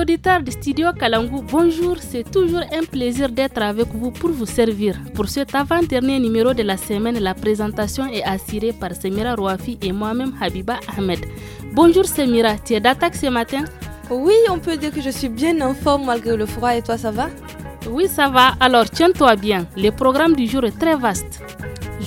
auditeurs de studio Kalangu, bonjour. C'est toujours un plaisir d'être avec vous pour vous servir. Pour cet avant-dernier numéro de la semaine, la présentation est assurée par Semira Rouafi et moi-même Habiba Ahmed. Bonjour Semira, tu es d'attaque ce matin Oui, on peut dire que je suis bien en forme malgré le froid et toi ça va Oui, ça va. Alors tiens-toi bien. Le programme du jour est très vaste.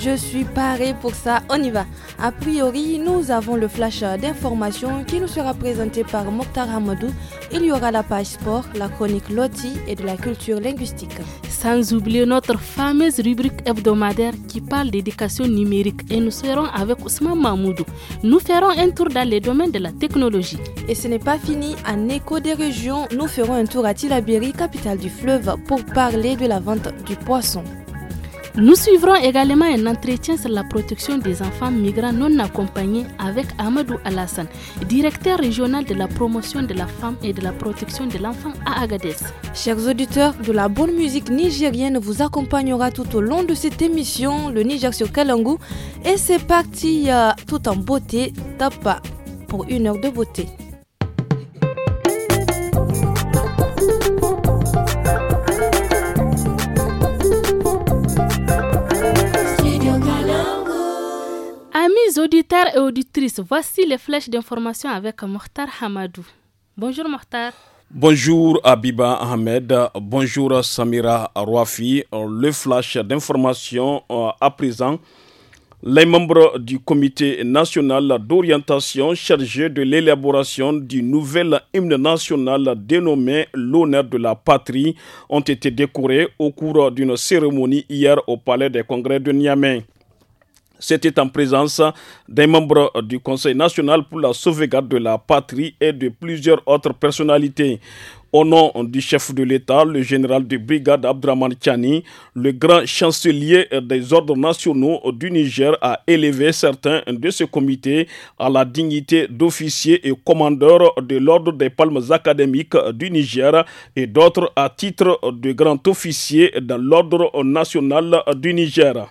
Je suis paré pour ça, on y va. A priori, nous avons le flash d'informations qui nous sera présenté par Mokhtar Hamadou. Il y aura la page sport, la chronique loti et de la culture linguistique. Sans oublier notre fameuse rubrique hebdomadaire qui parle d'éducation numérique et nous serons avec Ousmane Mahmoudou. Nous ferons un tour dans les domaines de la technologie. Et ce n'est pas fini, en écho des régions, nous ferons un tour à Tilabiri, capitale du fleuve, pour parler de la vente du poisson. Nous suivrons également un entretien sur la protection des enfants migrants non accompagnés avec Amadou Alassane, directeur régional de la promotion de la femme et de la protection de l'enfant à Agadez. Chers auditeurs, de la bonne musique nigérienne vous accompagnera tout au long de cette émission, le Niger sur Kalangu. Et c'est parti euh, tout en beauté, tapa euh, pour une heure de beauté. Mes auditeurs et auditrices, voici les flèches d'information avec Mokhtar Hamadou. Bonjour Mokhtar. Bonjour Abiba Ahmed, bonjour Samira Rouafi. Le flash d'information euh, à présent. Les membres du comité national d'orientation chargé de l'élaboration du nouvel hymne national dénommé l'honneur de la patrie ont été décorés au cours d'une cérémonie hier au palais des congrès de Niamey. C'était en présence des membres du Conseil national pour la sauvegarde de la patrie et de plusieurs autres personnalités. Au nom du chef de l'État, le général de brigade Abdraman Tchani, le grand chancelier des ordres nationaux du Niger a élevé certains de ce comités à la dignité d'officier et commandeur de l'ordre des palmes académiques du Niger et d'autres à titre de grand officier dans l'ordre national du Niger.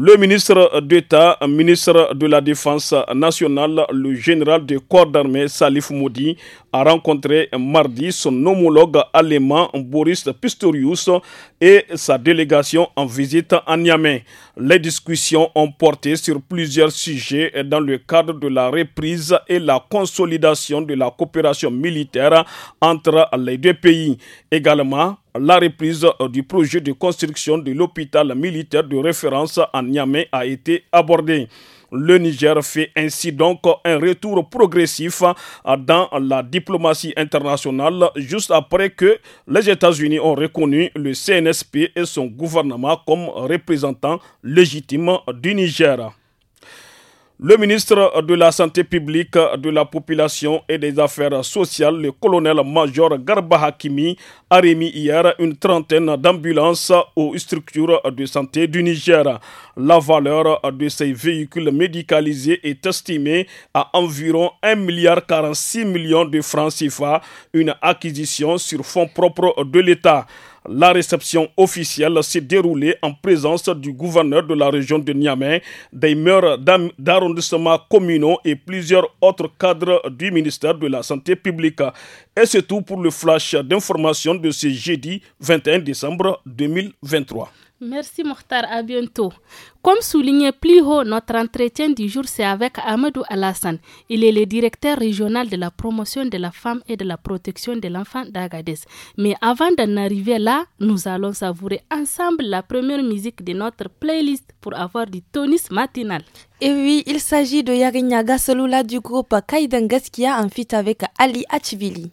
Le ministre d'État, ministre de la Défense nationale, le général de corps d'armée Salif Moudi a rencontré mardi son homologue allemand Boris Pistorius et sa délégation en visite à Niamey. Les discussions ont porté sur plusieurs sujets dans le cadre de la reprise et la consolidation de la coopération militaire entre les deux pays. Également, la reprise euh, du projet de construction de l'hôpital militaire de référence à Niamey a été abordée. Le Niger fait ainsi donc un retour progressif euh, dans la diplomatie internationale juste après que les États-Unis ont reconnu le CNSP et son gouvernement comme représentants légitimes du Niger. Le ministre de la Santé publique, de la Population et des Affaires sociales, le colonel-major Garba Hakimi, a remis hier une trentaine d'ambulances aux structures de santé du Niger. La valeur de ces véhicules médicalisés est estimée à environ 1,46 milliard de francs CFA, une acquisition sur fonds propres de l'État. La réception officielle s'est déroulée en présence du gouverneur de la région de Niamey, des maires d'arrondissements communaux et plusieurs autres cadres du ministère de la Santé publique. Et c'est tout pour le flash d'information de ce jeudi 21 décembre 2023. Merci Mokhtar, à bientôt. Comme souligné plus haut, notre entretien du jour, c'est avec Amadou Alassane. Il est le directeur régional de la promotion de la femme et de la protection de l'enfant d'Agadez. Mais avant d'en arriver là, nous allons savourer ensemble la première musique de notre playlist pour avoir du tonus matinal. Et oui, il s'agit de Yarinyaga Saloula du groupe qui en fit avec Ali Achvili.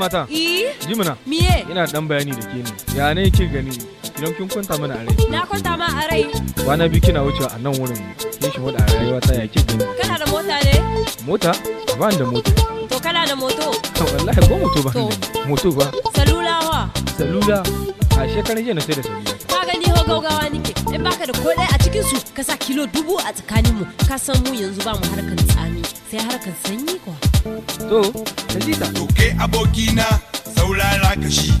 mata. E, Ji Jimina. Miye? Ina dan bayani da ke ne. Ya ne ke gani? Idan kin kwanta mana a rai. Na kwanta ma a rai. Kwana biyu kina wucewa a nan wurin. ke shi a rayuwa ta ya ke gani. Kana da mota ne? Mota? Ba da mota. To kana da moto? To wallahi ko moto ba. Moto ba. Salula wa? Salula. A shekaran jiya na sai da salula. gani gaugawa nike in baka da kodai a cikin su ka sa kilo dubu a tsakanin mu ka san mu yanzu ba mu harkar tsami sai harkar sanyi kuwa to to kai abokina saurara ka shi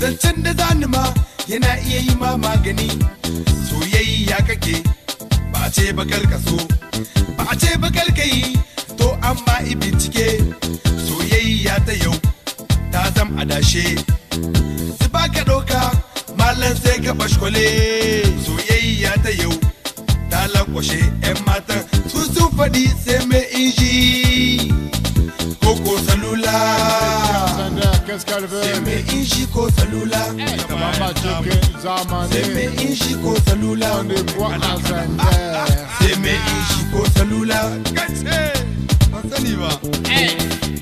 zancen da zani ma yana iya yi ma magani soyayya kake ba ba'a ce bakar ka so ba ce bakar ka yi to amma i bincike soyayya ta yau ta zam adashe su ka ɗauka malam sai ga bashkole soyayya ta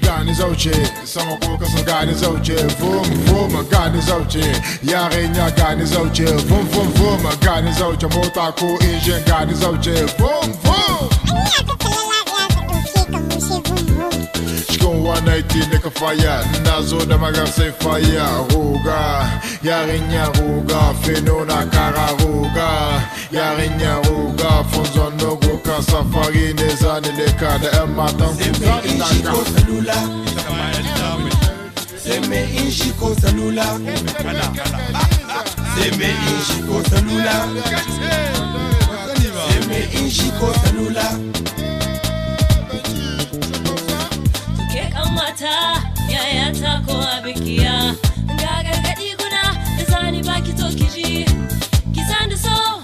gani zauce sama kuma kasan gani zauce vum vum gani zauce yarinya gani zauce vum vum vum gani zauce mota ko injin gani zauce vum vum Cikin 180 na ka faya, na zo da magar sai faya, roga, yarinya roga, feno na kara roga. yarinyaruga funzwa no safari nezani leka da yan matan Seme inji ko salula Seme inji ko salula Seme inji ko salula Ke kan mata yaya ta ko abikiya Ga gargadi guna da zani baki to kiji Ki sani so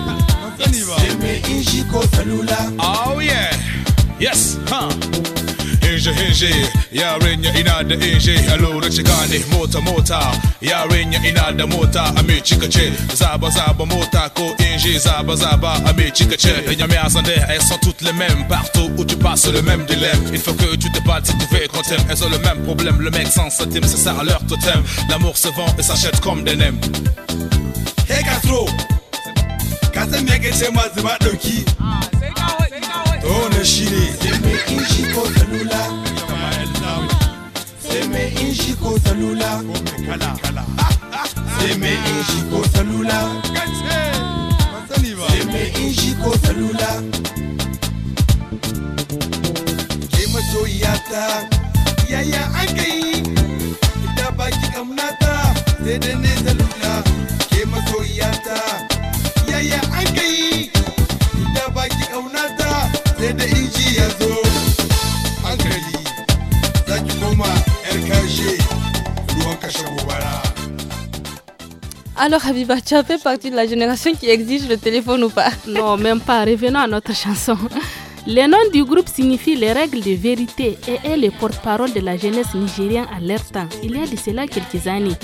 On y va. Oh yeah. Yes. Huh. inje inje y'a ina da inje a lura mota mota Y'a ina da mota a mai zaba zaba mota ko inje zaba zaba ame mai Les ce les ascendait elles sont toutes les mêmes partout où tu passes le même dilemme il faut que tu te battes si tu veux qu'on t'aime elles ont le même problème le mec sans centimes c'est ça leur totem l'amour se vend et s'achète comme des nems Hey Castro ka san me ke ce ma zuba dauki to ne shi ne sai me in shi ko salula sai me in shi ko salula sai me in shi ko salula sai me in shi ko salula ke masoyiyata yaya aka yi ita baki kamnata sai da ne salula ke masoyiyata Alors Habiba, tu as fait partie de la génération qui exige le téléphone ou pas Non, même pas. Revenons à notre chanson. Le nom du groupe signifie les règles de vérité et est le porte-parole de la jeunesse nigérienne à leur temps, il y a de cela quelques années.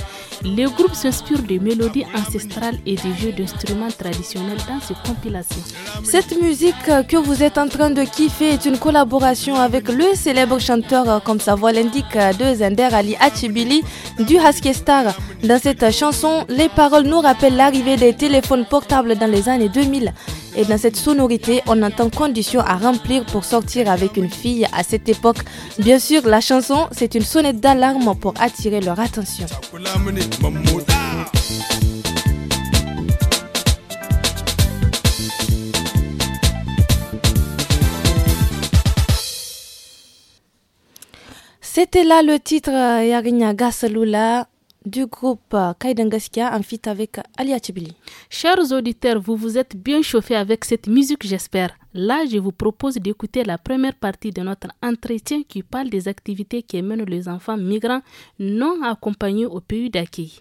Le groupe s'inspire de mélodies ancestrales et de jeux d'instruments traditionnels dans ses compilations. Cette musique que vous êtes en train de kiffer est une collaboration avec le célèbre chanteur, comme sa voix l'indique, de Zender Ali Achibili du Haske Star. Dans cette chanson, les paroles nous rappellent l'arrivée des téléphones portables dans les années 2000. Et dans cette sonorité, on entend conditions à pour sortir avec une fille à cette époque. Bien sûr, la chanson, c'est une sonnette d'alarme pour attirer leur attention. C'était là le titre euh, Yarinya Salula du groupe euh, Kaidangaskia en fit avec Alia Tibili. Chers auditeurs, vous vous êtes bien chauffés avec cette musique, j'espère. Là, je vous propose d'écouter la première partie de notre entretien qui parle des activités qui mènent les enfants migrants non accompagnés au pays d'accueil.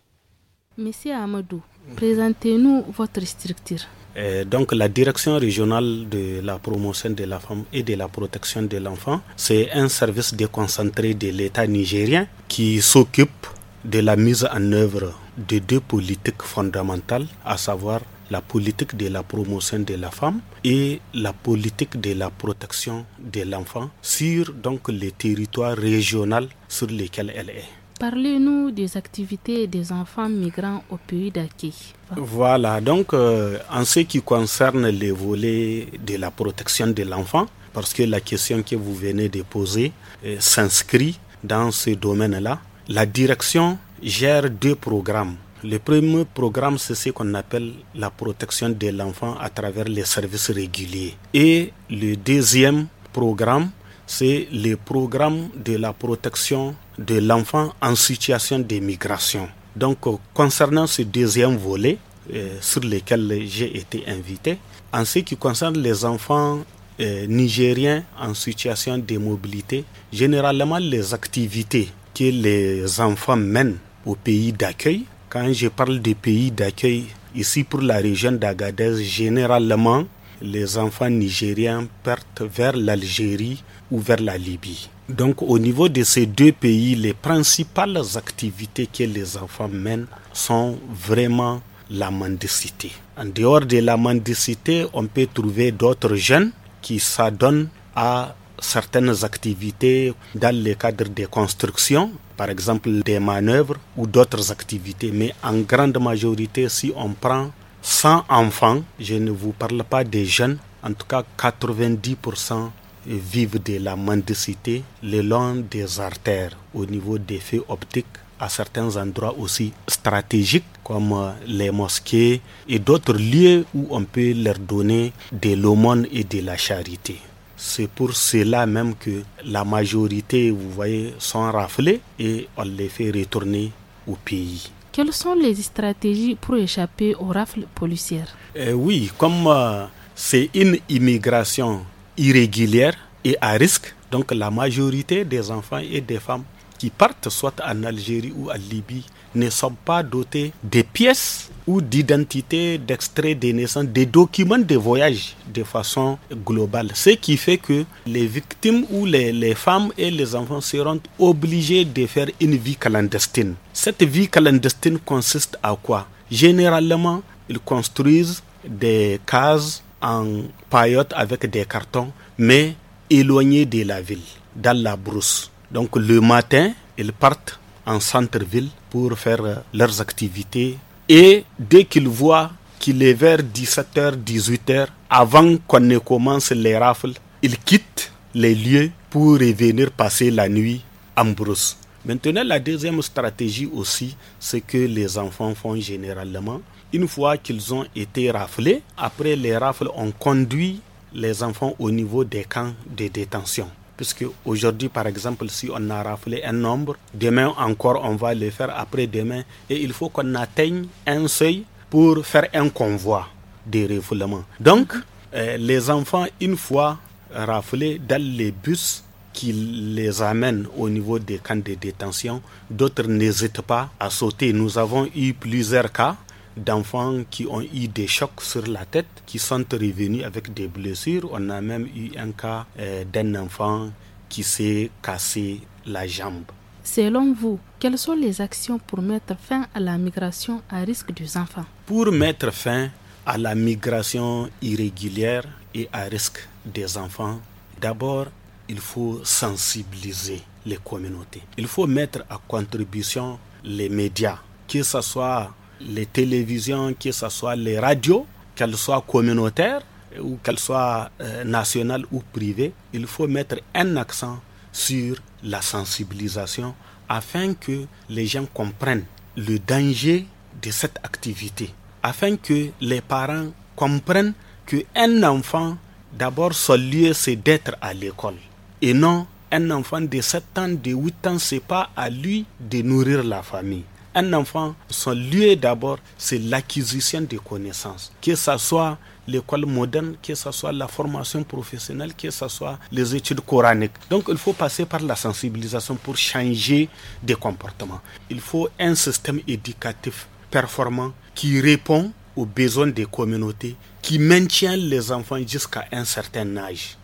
Monsieur Amadou, présentez-nous votre structure. Euh, donc la direction régionale de la promotion de la femme et de la protection de l'enfant, c'est un service déconcentré de l'État nigérien qui s'occupe de la mise en œuvre de deux politiques fondamentales, à savoir la politique de la promotion de la femme et la politique de la protection de l'enfant sur donc les territoires régionaux sur lesquels elle est. Parlez-nous des activités des enfants migrants au pays d'Aki. Voilà, donc euh, en ce qui concerne les volets de la protection de l'enfant, parce que la question que vous venez de poser euh, s'inscrit dans ce domaine-là, la direction gère deux programmes. Le premier programme, c'est ce qu'on appelle la protection de l'enfant à travers les services réguliers. Et le deuxième programme, c'est le programme de la protection de l'enfant en situation de migration. Donc, concernant ce deuxième volet euh, sur lequel j'ai été invité, en ce qui concerne les enfants euh, nigériens en situation de mobilité, généralement les activités que les enfants mènent au pays d'accueil. Quand je parle des pays d'accueil, ici pour la région d'Agadez, généralement, les enfants nigériens partent vers l'Algérie ou vers la Libye. Donc au niveau de ces deux pays, les principales activités que les enfants mènent sont vraiment la mendicité. En dehors de la mendicité, on peut trouver d'autres jeunes qui s'adonnent à certaines activités dans le cadre des constructions, par exemple des manœuvres ou d'autres activités. Mais en grande majorité, si on prend 100 enfants, je ne vous parle pas des jeunes, en tout cas 90% vivent de la mendicité le long des artères, au niveau des feux optiques, à certains endroits aussi stratégiques comme euh, les mosquées et d'autres lieux où on peut leur donner de l'aumône et de la charité. C'est pour cela même que la majorité, vous voyez, sont raflés et on les fait retourner au pays. Quelles sont les stratégies pour échapper aux rafles policières eh Oui, comme euh, c'est une immigration irrégulière et à risque, donc la majorité des enfants et des femmes qui partent soit en Algérie ou en Libye ne sont pas dotés de pièces ou d'identité, d'extrait de naissance, des documents de voyage de façon globale. Ce qui fait que les victimes ou les, femmes et les enfants seront obligés de faire une vie clandestine. Cette vie clandestine consiste à quoi Généralement, ils construisent des cases en paillote avec des cartons, mais éloignés de la ville, dans la brousse. Donc le matin, ils partent en centre-ville pour faire euh, leurs activités. Et dès qu'ils voient qu'il est vers 17h, 18h, avant qu'on ne commence les rafles, ils quittent les lieux pour revenir passer la nuit en brousse. Maintenant, la deuxième stratégie aussi, ce que les enfants font généralement. Une fois qu'ils ont été raflés, après les rafles, on conduit les enfants au niveau des camps de détention puisque aujourd'hui, par exemple, si on a raflé un nombre, demain encore, on va le faire après-demain. Et il faut qu'on atteigne un seuil pour faire un convoi de refoulement. Donc, euh, les enfants, une fois raflés dans les bus qui les amènent au niveau des camps de détention, d'autres n'hésitent pas à sauter. Nous avons eu plusieurs cas d'enfants qui ont eu des chocs sur la tête, qui sont revenus avec des blessures. On a même eu un cas euh, d'un enfant qui s'est cassé la jambe. Selon vous, quelles sont les actions pour mettre fin à la migration à risque des enfants Pour mettre fin à la migration irrégulière et à risque des enfants, d'abord, il faut sensibiliser les communautés. Il faut mettre à contribution les médias, que ce soit les télévisions, que ce soit les radios, qu'elles soient communautaires ou qu'elles soient euh, nationales ou privées, il faut mettre un accent sur la sensibilisation afin que les gens comprennent le danger de cette activité, afin que les parents comprennent qu'un enfant, d'abord, son lieu, c'est d'être à l'école et non un enfant de 7 ans, de 8 ans, n'est pas à lui de nourrir la famille un enfant, son lieu d'abord, c'est l'acquisition des connaissances, que ce soit l'école moderne, que ce soit la formation professionnelle, que ce soit les études coraniques. Donc il faut passer par la sensibilisation pour changer des comportements. Il faut un système éducatif performant qui répond aux besoins des communautés, qui maintient les enfants jusqu'à un certain âge.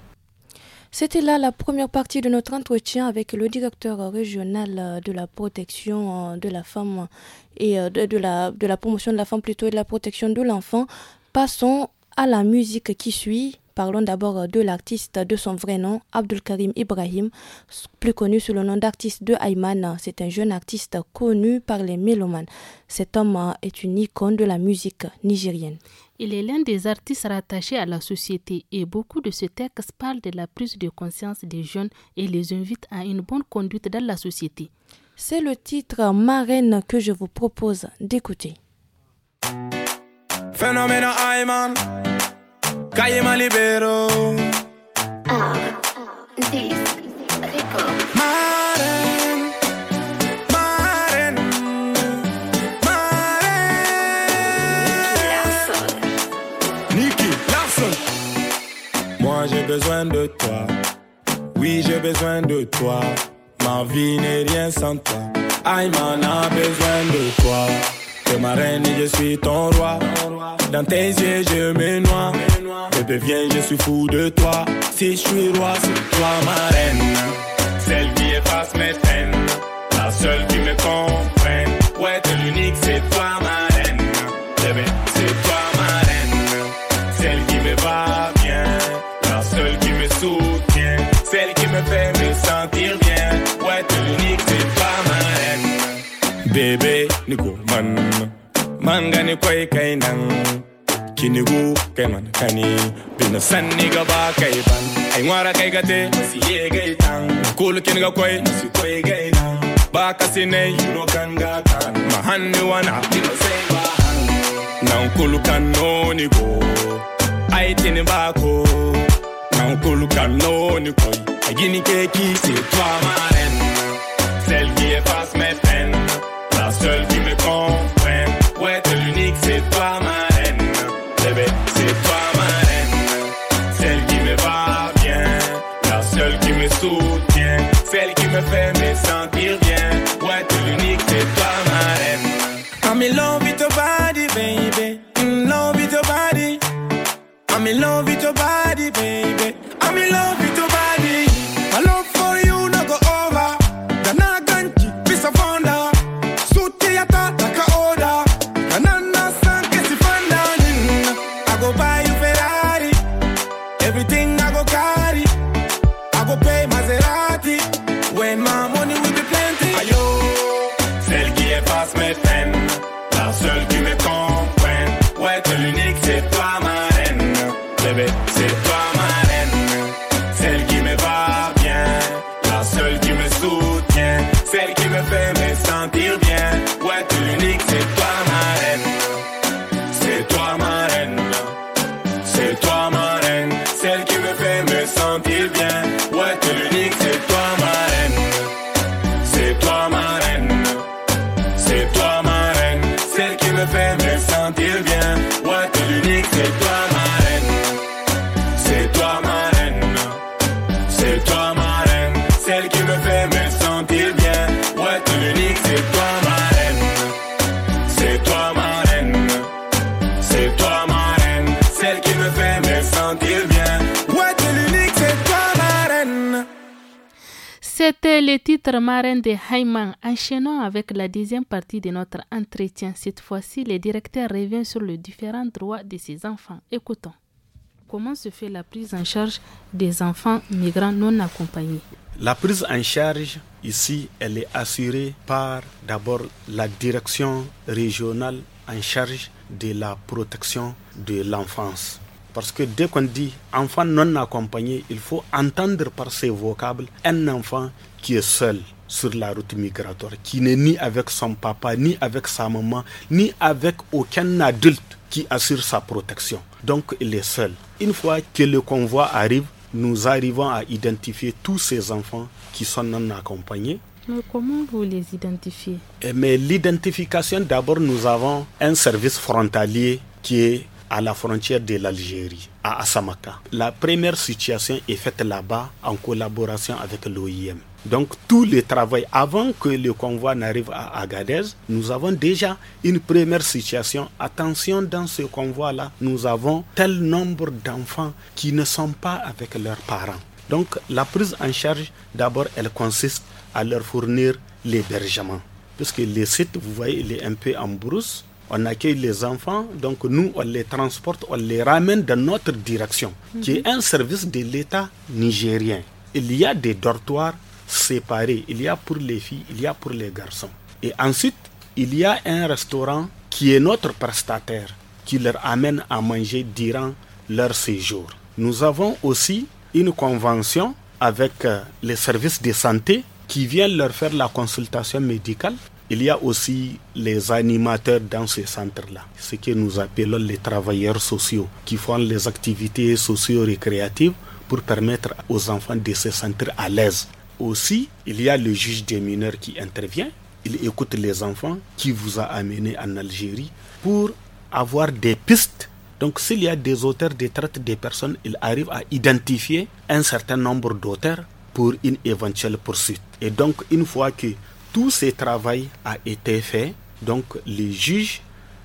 C'était là la première partie de notre entretien avec le directeur régional euh, de la protection euh, de la femme et euh, de, la, la promotion de la femme plutôt et de la protection de l'enfant. Passons à la musique qui suit. Parlons d'abord de l'artiste de son vrai nom, Abdul Karim Ibrahim, plus connu sous le nom d'artiste de Ayman. C'est un jeune artiste connu par les mélomanes. Cet homme est une icône de la musique nigérienne. Il est l'un des artistes rattachés à la société et beaucoup de ses textes parlent de la prise de conscience des jeunes et les invitent à une bonne conduite dans la société. C'est le titre Marraine que je vous propose d'écouter. Phénomène Ayman, besoin de toi. Oui, j'ai besoin de toi. Ma vie n'est rien sans toi. m'en a besoin de toi. T'es ma reine et je suis ton roi. Dans tes yeux, je me noie. Bébé, viens, je suis fou de toi. Si je suis roi, c'est toi ma reine. Celle qui efface mes peines. La seule qui me comprenne. Ouais, t'es l'unique, c'est toi ma reine. Eh ben, c'est toi me fais me sentir bien. Ouais, niques c'est pas ma haine. Bébé, nigo, man. Man, gani, koi, kai, nan. Kinigu, kai, man, kani. Bina san, niga, ba, kai, ban. Ay, ngwara, kai, gate. Si, ye, gai, tang. Kulu, koi. Si, koi, gai, nan. Ba, kasi, ne. Yuro, kan, ga, kan. Mahan, ni, wana. Bina, say, ba, han. Na kulu, kan, no, go, Ay, tini, c'est toi ma reine Celle qui efface mes peines La seule qui me comprenne Ouais t'es l'unique c'est toi ma reine Bébé c'est toi ma reine Celle qui me va bien La seule qui me soutient Celle qui me fait me sentir bien Ouais t'es l'unique c'est toi ma reine I'm in love with your body baby In love with your body I'm in love le titre marin de Hayman. Enchaînons avec la deuxième partie de notre entretien. Cette fois-ci, le directeur revient sur les différents droits de ses enfants. Écoutons. Comment se fait la prise en charge des enfants migrants non accompagnés La prise en charge ici, elle est assurée par d'abord la direction régionale en charge de la protection de l'enfance. Parce que dès qu'on dit enfant non accompagné, il faut entendre par ces vocables un enfant qui est seul sur la route migratoire, qui n'est ni avec son papa, ni avec sa maman, ni avec aucun adulte qui assure sa protection. Donc il est seul. Une fois que le convoi arrive, nous arrivons à identifier tous ces enfants qui sont non accompagnés. Mais comment vous les identifiez eh, Mais l'identification, d'abord, nous avons un service frontalier qui est à la frontière de l'Algérie, à Asamaka. La première situation est faite là-bas en collaboration avec l'OIM. Donc tout le travail, avant que le convoi n'arrive à Agadez, nous avons déjà une première situation. Attention, dans ce convoi-là, nous avons tel nombre d'enfants qui ne sont pas avec leurs parents. Donc la prise en charge, d'abord, elle consiste à leur fournir l'hébergement. Puisque le site, vous voyez, il est un peu en brousse. On accueille les enfants, donc nous, on les transporte, on les ramène dans notre direction, qui est un service de l'État nigérien. Il y a des dortoirs séparés. Il y a pour les filles, il y a pour les garçons. Et ensuite, il y a un restaurant qui est notre prestataire, qui leur amène à manger durant leur séjour. Nous avons aussi une convention avec euh, les services de santé qui viennent leur faire la consultation médicale. Il y a aussi les animateurs dans ce centre-là, ce que nous appelons les travailleurs sociaux, qui font les activités socio-récréatives pour permettre aux enfants de se sentir à l'aise aussi, il y a le juge des mineurs qui intervient. Il écoute les enfants qui vous a amené en Algérie pour avoir des pistes. Donc s'il y a des auteurs de traite des personnes, il arrive à identifier un certain nombre d'auteurs pour une éventuelle poursuite. Et donc une fois que tout ce travail a été fait, donc le juge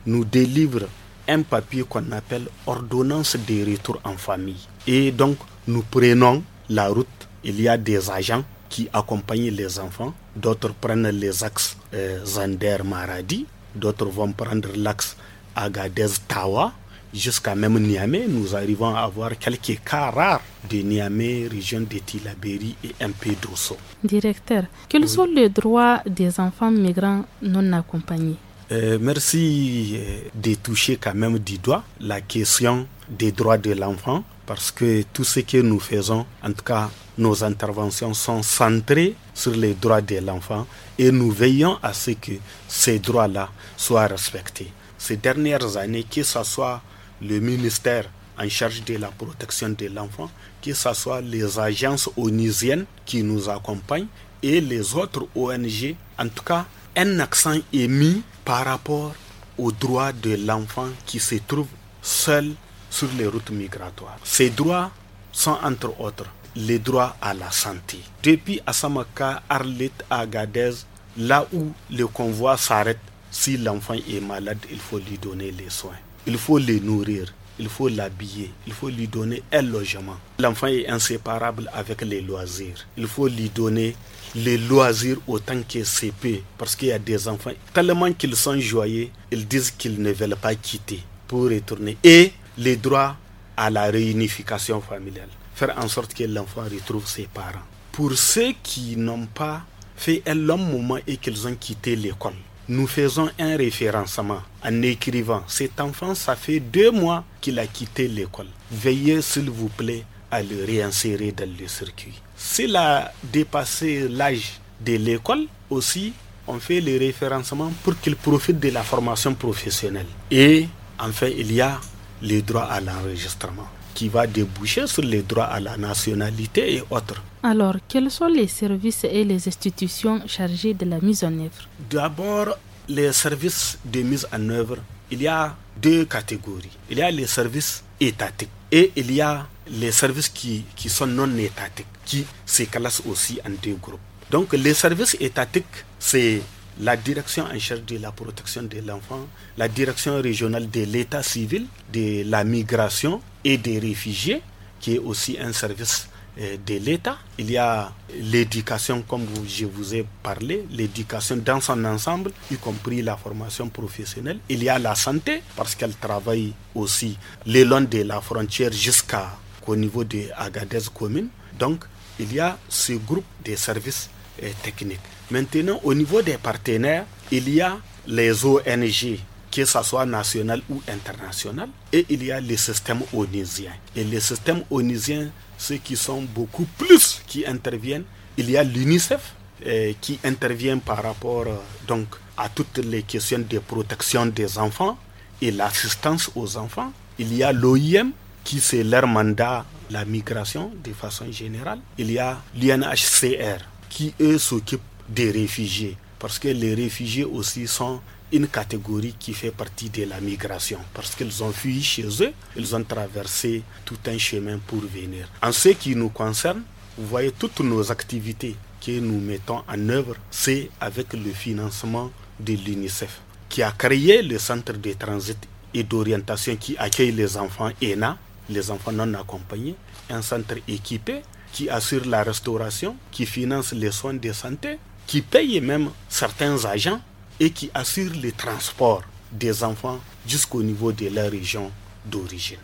nous délivre un papier qu'on appelle ordonnance de retour en famille. Et donc nous prenons la route. Il y a des agents qui accompagnent les enfants, d'autres prennent les axes euh, Zander-Maradi, d'autres vont prendre l'axe Agadez-Tawa, jusqu'à même Niamey, nous arrivons à avoir quelques cas rares de Niamey, région de Tilaberi et un peu d'Osso. Directeur, quels sont les droits des enfants migrants non accompagnés euh, Merci euh, de toucher quand même du doigt la question des droits de l'enfant parce que tout ce que nous faisons, en tout cas nos interventions sont centrées sur les droits de l'enfant et nous veillons à ce que ces droits-là soient respectés. Ces dernières années, que ce soit le ministère en charge de la protection de l'enfant, que ce soit les agences onisiennes qui nous accompagnent et les autres ONG, en tout cas, un accent est mis par rapport aux droits de l'enfant qui se trouve seul sur les routes migratoires. Ces droits sont entre autres les droits à la santé. Depuis Assamaka, Arlette, Agadez, là où le convoi s'arrête, si l'enfant est malade, il faut lui donner les soins. Il faut le nourrir, il faut l'habiller, il faut lui donner un logement. L'enfant est inséparable avec les loisirs. Il faut lui donner les loisirs autant que CP, parce qu'il y a des enfants, tellement qu'ils sont joyeux, ils disent qu'ils ne veulent pas quitter pour retourner. Et les droits à la réunification familiale, faire en sorte que l'enfant retrouve ses parents. Pour ceux qui n'ont pas fait un long moment et qu'ils ont quitté l'école, nous faisons un référencement en écrivant cet enfant, ça fait deux mois qu'il a quitté l'école. Veillez s'il vous plaît à le réinsérer dans le circuit. S'il a dépassé l'âge de l'école aussi, on fait le référencement pour qu'il profite de la formation professionnelle. Et enfin, il y a les droits à l'enregistrement, qui va déboucher sur les droits à la nationalité et autres. Alors, quels sont les services et les institutions chargées de la mise en œuvre D'abord, les services de mise en œuvre, il y a deux catégories. Il y a les services étatiques et il y a les services qui, qui sont non étatiques, qui se classent aussi en deux groupes. Donc, les services étatiques, c'est la direction en charge de la protection de l'enfant, la direction régionale de l'état civil, de la migration et des réfugiés, qui est aussi un service euh, de l'État. Il y a l'éducation, comme je vous ai parlé, l'éducation dans son ensemble, y compris la formation professionnelle. Il y a la santé, parce qu'elle travaille aussi le long de la frontière jusqu'au niveau de Agadez commune. Donc, il y a ce groupe de services euh, techniques. Maintenant, au niveau des partenaires, il y a les ONG, que ce soit national ou international, et il y a les systèmes onusien. Et les systèmes onusiens, ceux qui sont beaucoup plus qui interviennent, il y a l'UNICEF eh, qui intervient par rapport euh, donc à toutes les questions de protection des enfants et l'assistance aux enfants. Il y a l'OIM qui c'est leur mandat la migration de façon générale. Il y a l'UNHCR qui eux s'occupent des réfugiés, parce que les réfugiés aussi sont une catégorie qui fait partie de la migration, parce qu'ils ont fui chez eux, ils ont traversé tout un chemin pour venir. En ce qui nous concerne, vous voyez toutes nos activités que nous mettons en œuvre, c'est avec le financement de l'UNICEF, qui a créé le centre de transit et d'orientation qui accueille les enfants ENA, les enfants non accompagnés, un centre équipé qui assure la restauration, qui finance les soins de santé, qui payent même certains agents et qui assurent le transport des enfants jusqu'au niveau de leur région d'origine.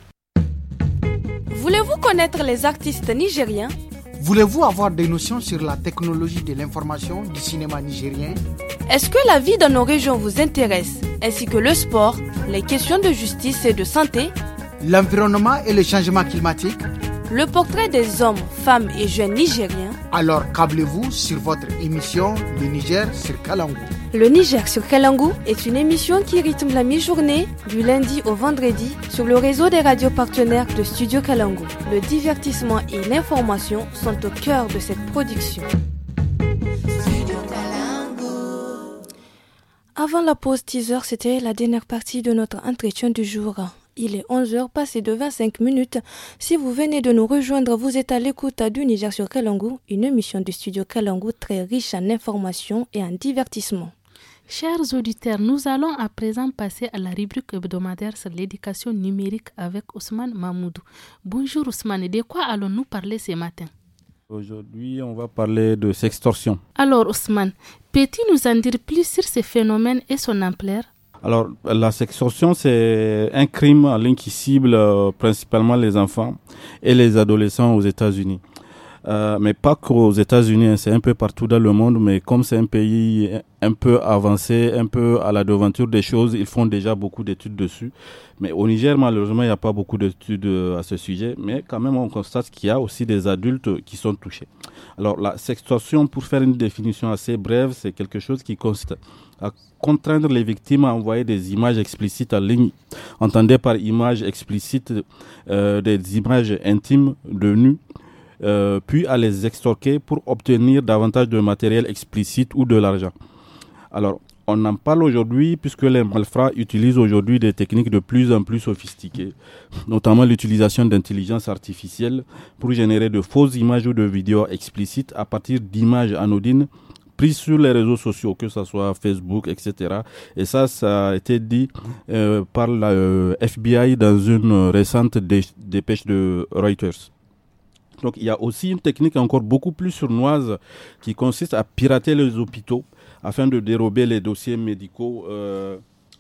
Voulez-vous connaître les artistes nigériens Voulez-vous avoir des notions sur la technologie de l'information du cinéma nigérien Est-ce que la vie dans nos régions vous intéresse, ainsi que le sport, les questions de justice et de santé L'environnement et le changement climatique le portrait des hommes, femmes et jeunes nigériens. Alors câblez-vous sur votre émission Le Niger sur Kalangou. Le Niger sur Kalangou est une émission qui rythme la mi-journée du lundi au vendredi sur le réseau des radios partenaires de Studio Kalangou. Le divertissement et l'information sont au cœur de cette production. Avant la pause teaser, c'était la dernière partie de notre entretien du jour. Il est 11h passé de 25 minutes. Si vous venez de nous rejoindre, vous êtes à l'écoute du Niger sur Kalangou, une émission du studio Kalangou très riche en informations et en divertissement. Chers auditeurs, nous allons à présent passer à la rubrique hebdomadaire sur l'éducation numérique avec Ousmane Mahmoudou. Bonjour Ousmane, de quoi allons-nous parler ce matin Aujourd'hui, on va parler de sextorsion. Alors Ousmane, peux-tu nous en dire plus sur ce phénomène et son ampleur alors, la sextortion, c'est un crime qui cible euh, principalement les enfants et les adolescents aux États-Unis. Euh, mais pas qu'aux États-Unis, hein, c'est un peu partout dans le monde, mais comme c'est un pays un peu avancé, un peu à la devanture des choses, ils font déjà beaucoup d'études dessus. Mais au Niger, malheureusement, il n'y a pas beaucoup d'études euh, à ce sujet, mais quand même, on constate qu'il y a aussi des adultes qui sont touchés. Alors, la sextorsion, pour faire une définition assez brève, c'est quelque chose qui consiste à contraindre les victimes à envoyer des images explicites en ligne. Entendez par images explicites euh, des images intimes de nus euh, puis à les extorquer pour obtenir davantage de matériel explicite ou de l'argent. Alors, on en parle aujourd'hui puisque les malfrats utilisent aujourd'hui des techniques de plus en plus sophistiquées, notamment l'utilisation d'intelligence artificielle pour générer de fausses images ou de vidéos explicites à partir d'images anodines prises sur les réseaux sociaux, que ce soit Facebook, etc. Et ça, ça a été dit euh, par le euh, FBI dans une récente dépêche de Reuters. Donc il y a aussi une technique encore beaucoup plus sournoise qui consiste à pirater les hôpitaux afin de dérober les dossiers médicaux euh,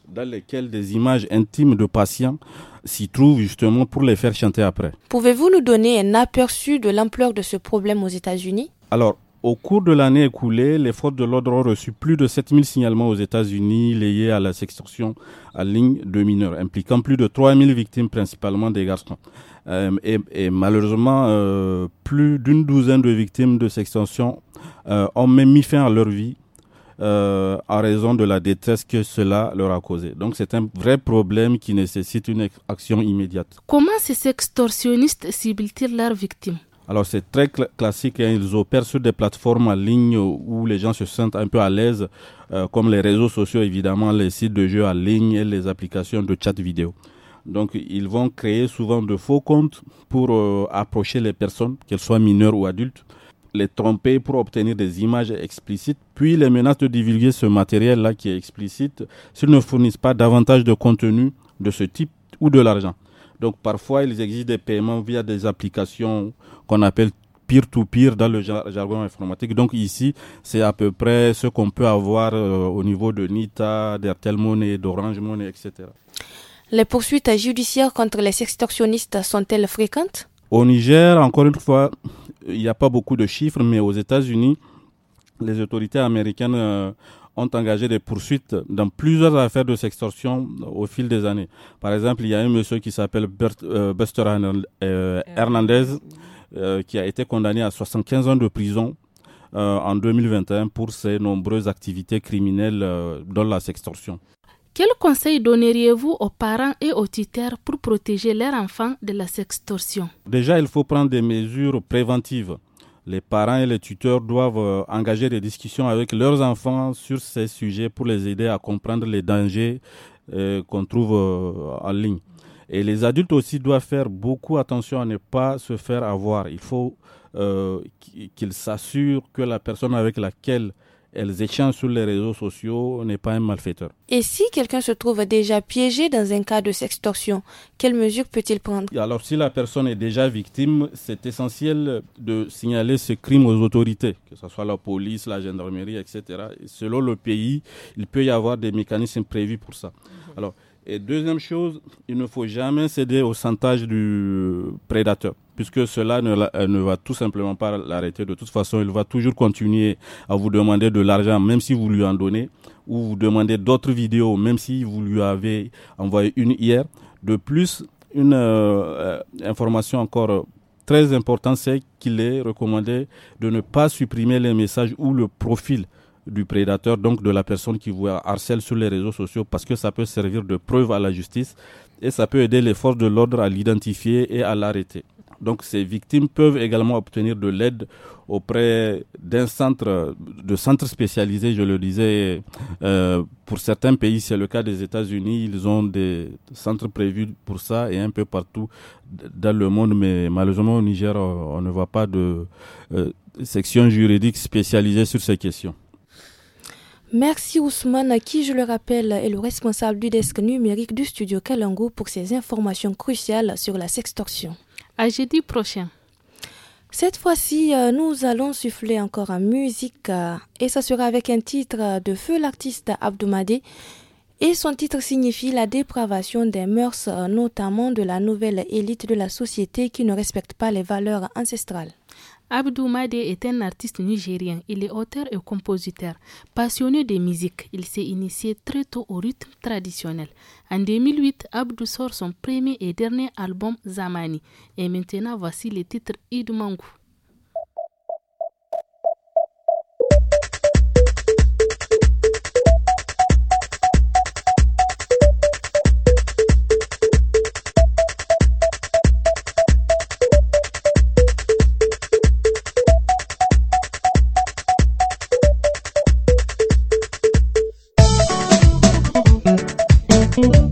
dans lesquels des images intimes de patients s'y trouvent justement pour les faire chanter après. Pouvez-vous nous donner un aperçu de l'ampleur de ce problème aux États-Unis Alors, au cours de l'année écoulée, les forces de l'ordre ont reçu plus de 7000 signalements aux États-Unis liés à la sextorsion à ligne de mineurs, impliquant plus de 3000 victimes, principalement des garçons. Euh, et, malheureusement, euh, plus d'une douzaine de victimes de sextension euh, ont même mis fin à leur vie euh, en raison de la détresse que cela leur a causé. Donc c'est un vrai problème qui nécessite une action immédiate. Comment ces sextorsionnistes ciblent-ils leurs victimes alors c'est très classique, hein. ils opèrent sur des plateformes en ligne où les gens se sentent un peu à l'aise, comme les réseaux sociaux évidemment, les sites de jeux en ligne et les applications de chat vidéo. Donc ils vont créer souvent de faux comptes pour euh, approcher les personnes, qu'elles soient mineures ou adultes, les tromper pour obtenir des images explicites, puis les menacent de divulguer ce matériel-là qui est explicite s'ils ne fournissent pas davantage de contenu de ce type ou de l'argent. Donc parfois, ils existe des paiements via des applications qu'on appelle peer-to-peer dans le jargon informatique. Donc ici, c'est à peu près ce qu'on peut avoir euh, au niveau de Nita, d'Airtel Money, d'Orange Money, etc. Les poursuites judiciaires contre les extorsionnistes sont-elles fréquentes Au Niger, encore une fois, il n'y a pas beaucoup de chiffres, mais aux États-Unis, les autorités américaines euh, ont engagé des poursuites dans plusieurs affaires de sextorsion au fil des années. Par exemple, il y a un monsieur qui s'appelle euh, Buster euh, Hernandez qui a été condamné à 75 ans de prison en 2021 pour ses nombreuses activités criminelles dans la sextorsion. Quel conseil donneriez-vous aux parents et aux tuteurs pour protéger leurs enfants de la sextortion Déjà, il faut prendre des mesures préventives. Les parents et les tuteurs doivent euh, engager des discussions avec leurs enfants sur ces sujets pour les aider à comprendre les dangers euh, qu'on trouve euh, en ligne. Et les adultes aussi doivent faire beaucoup attention à ne pas se faire avoir. Il faut qu'ils s'assurent que la personne avec laquelle elles échangent sur les réseaux sociaux n'est pas un malfaiteur. Et si quelqu'un se trouve déjà piégé dans un cas de sextorsion, quelles mesures peut-il prendre Alors si la personne est déjà victime, c'est essentiel de signaler ce crime aux autorités, que ce soit la police, la gendarmerie, etc. selon le pays, il peut y avoir des mécanismes prévus pour ça. Mhm. Alors et deuxième chose, il ne faut jamais céder au santage du prédateur, puisque cela ne, va tout simplement pas l'arrêter. De toute façon, il va toujours continuer à vous demander de l'argent, même si vous lui en donnez, ou vous demandez d'autres vidéos, même si vous lui avez envoyé une hier. De plus, une euh, information encore très importante, c'est qu'il est recommandé de ne pas supprimer les messages ou le profil du prédateur, donc de la personne qui vous harcèle sur les réseaux sociaux, parce que ça peut servir de preuve à la justice et ça peut aider les forces de l'ordre à l'identifier et à l'arrêter. Donc ces victimes peuvent également obtenir de l'aide auprès d'un centre, de centres spécialisés, je le disais. Euh, pour certains pays, c'est le cas des États-Unis, ils ont des centres prévus pour ça et un peu partout dans le monde, mais malheureusement au Niger, on ne voit pas de euh, section juridique spécialisée sur ces questions. Merci Ousmane, qui, je le rappelle, est le responsable du desk numérique du studio Kalango pour ces informations cruciales sur la sextorsion. À jeudi prochain. Cette fois-ci, euh, nous allons souffler encore en musique euh, et ça sera avec un titre euh, de feu l'artiste Abdoumade. et son titre signifie la dépravation des mœurs, notamment de la nouvelle élite de la société qui ne respecte pas les valeurs ancestrales. Abdou Made est un artiste nigérien. Il est auteur et compositeur. Passionné de musique, il s'est initié très tôt au rythme traditionnel. En 2008, Abdou sort son premier et dernier album Zamani. Et maintenant, voici le titre Idmangou. Thank you.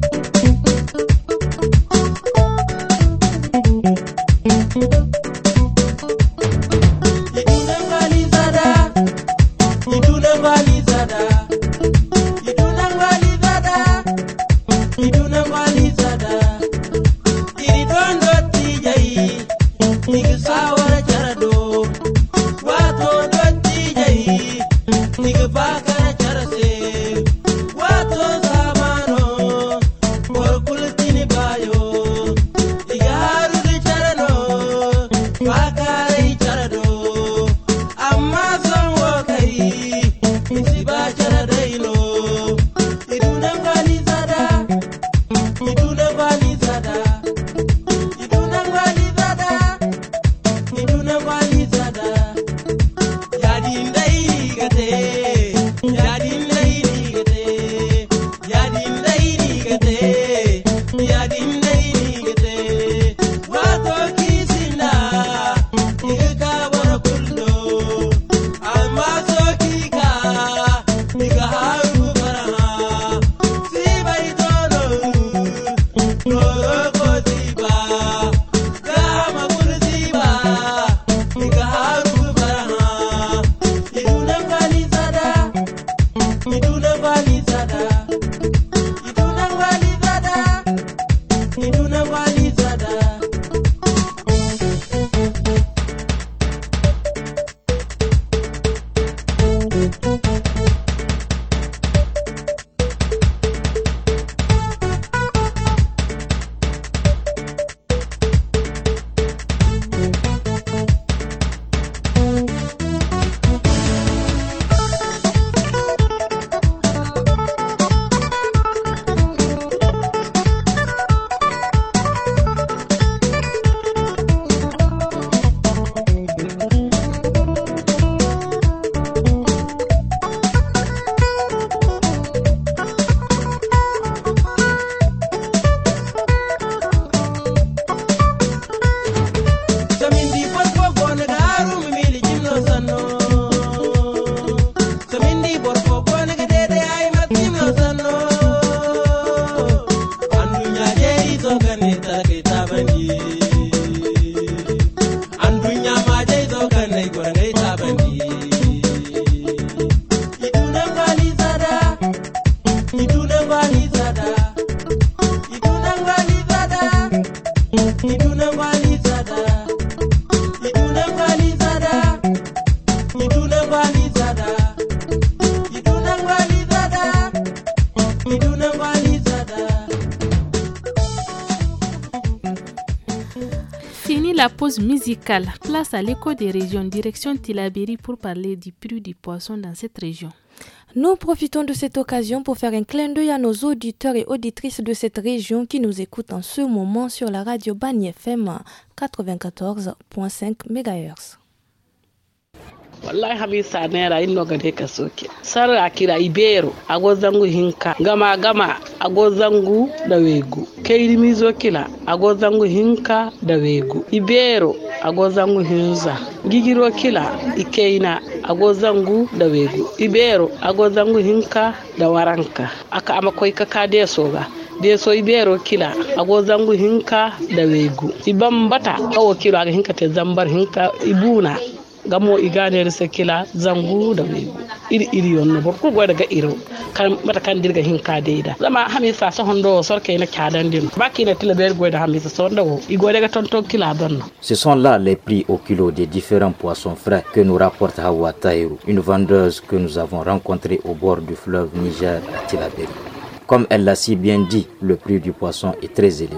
Place à l'écho des régions, direction Tilabéry pour parler du prix du poisson dans cette région. Nous profitons de cette occasion pour faire un clin d'œil à nos auditeurs et auditrices de cette région qui nous écoutent en ce moment sur la radio Bani FM 94.5 MHz. wallahi hamisa naira in no gade ka soke sarra kira ibero agozangu hinka gama gama agozangu da wegu keiri mizo kila agozangu hinka da wegu ibero agozangu hinza gigiro kila ikeina agozangu da wegu ibero agozangu hinka da waranka aka amakwai ka kade ba de ibero kila ago zangu hinka da wegu iban bata awo kilo aga hinka te zambar hinka ibuna ce sont là les prix au kilo des différents poissons frais que nous rapporte Hawa une vendeuse que nous avons rencontrée au bord du fleuve Niger à Tilaberi comme elle l'a si bien dit le prix du poisson est très élevé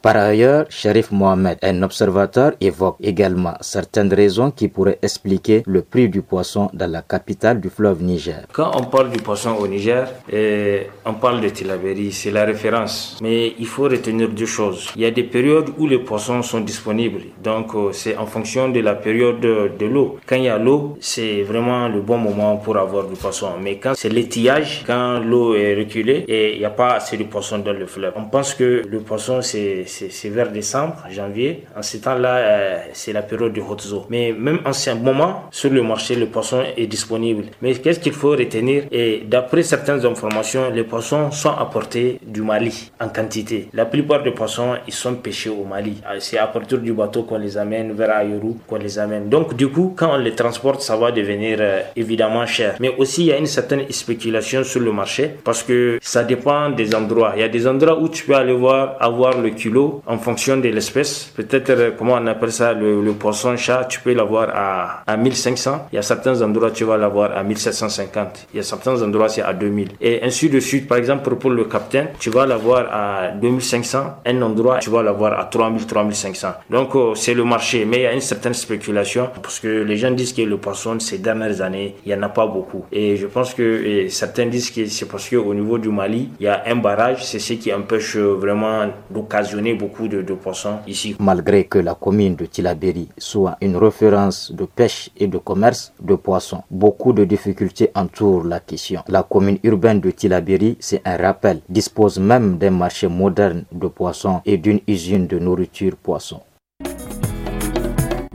Par ailleurs, Sharif Mohamed, un observateur, évoque également certaines raisons qui pourraient expliquer le prix du poisson dans la capitale du fleuve Niger. Quand on parle du poisson au Niger, eh, on parle de Tilaberi, c'est la référence. Mais il faut retenir deux choses. Il y a des périodes où les poissons sont disponibles. Donc euh, c'est en fonction de la période de, l'eau. Quand il y a l'eau, c'est vraiment le bon moment pour avoir du poisson. Mais quand c'est l'étillage, quand l'eau est reculée et il n'y a pas assez de poissons dans le fleuve, on pense que le poisson c'est c'est vers décembre, janvier. En ces temps-là, euh, c'est la période du hot Mais même en ce moment, sur le marché, le poisson est disponible. Mais qu'est-ce qu'il faut retenir Et d'après certaines informations, les poissons sont apportés du Mali en quantité. La plupart des poissons, ils sont pêchés au Mali. Euh, c'est à partir du bateau qu'on les amène vers Ayuru, qu'on les amène. Donc du coup, quand on les transporte, ça va devenir euh, évidemment cher. Mais aussi, il y a une certaine spéculation sur le marché parce que ça dépend des endroits. Il y a des endroits où tu peux aller voir avoir le kilo en fonction de l'espèce. Peut-être, euh, comment on appelle ça, le, poisson-chat, tu peux l'avoir à, à 1500. Il y a certains endroits, tu vas l'avoir à 1750. Il y a certains endroits, c'est à 2000. Et ainsi de suite. Par exemple, pour le capitaine, tu vas l'avoir à 2500. Un endroit, tu vas l'avoir à 3000, 3500. Donc, euh, c'est le marché. Mais il y a une certaine spéculation parce que les gens disent que le poisson, ces dernières années, il n'y en a pas beaucoup. Et je pense que certains disent que c'est parce qu'au niveau du Mali, il y a un barrage. C'est ce qui empêche euh, vraiment d'occasionner beaucoup de, de poissons ici. Malgré que la commune de Tilaberi soit une référence de pêche et de commerce de poissons, beaucoup de difficultés entourent la question. La commune urbaine de Tilaberi, c'est un rappel, dispose même d'un marché moderne de poissons et d'une usine de nourriture poisson.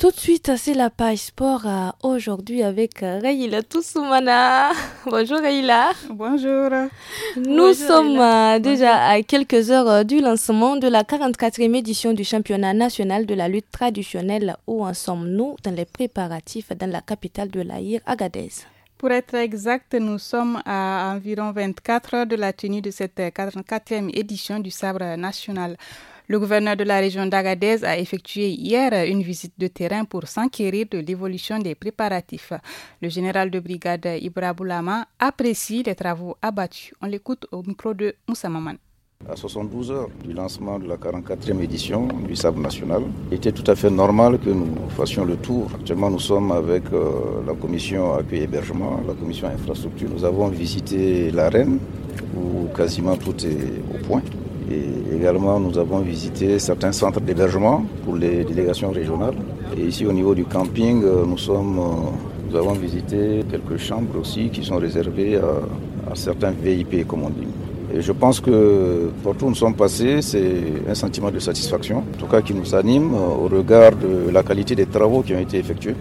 tout de suite, hein, c'est la page sport euh, aujourd'hui avec euh, Rayla Toussoumana. Bonjour Reïla. Bonjour. Nous sommes euh, déjà à quelques heures du lancement de la 44e édition du championnat national de la lutte traditionnelle. Où en sommes-nous dans les préparatifs dans la capitale de l'Aïr, Agadez pour être exact, nous sommes à environ 24 heures de la tenue de cette 44e édition du sabre national. Le gouverneur de la région d'Agadez a effectué hier une visite de terrain pour s'enquérir de l'évolution des préparatifs. Le général de brigade Ibra Boulama apprécie les travaux abattus. On l'écoute au micro de Moussa À 72 heures du lancement de la 44e édition du Sable national, il était tout à fait normal que nous fassions le tour. Actuellement, nous sommes avec euh, la commission accueil hébergement, la commission infrastructure. Nous avons visité l'arène où quasiment tout est au point également, nous avons visité certains centres d'hébergement pour les délégations régionales. Et ici, au niveau du camping, euh, nous, sommes, euh, nous avons visité quelques chambres aussi qui sont réservées à, certains VIP, comme on dit. Et je pense que partout où nous sommes passés, c'est un sentiment de satisfaction, en tout cas qui nous anime euh, au regard de la qualité des travaux qui ont été effectués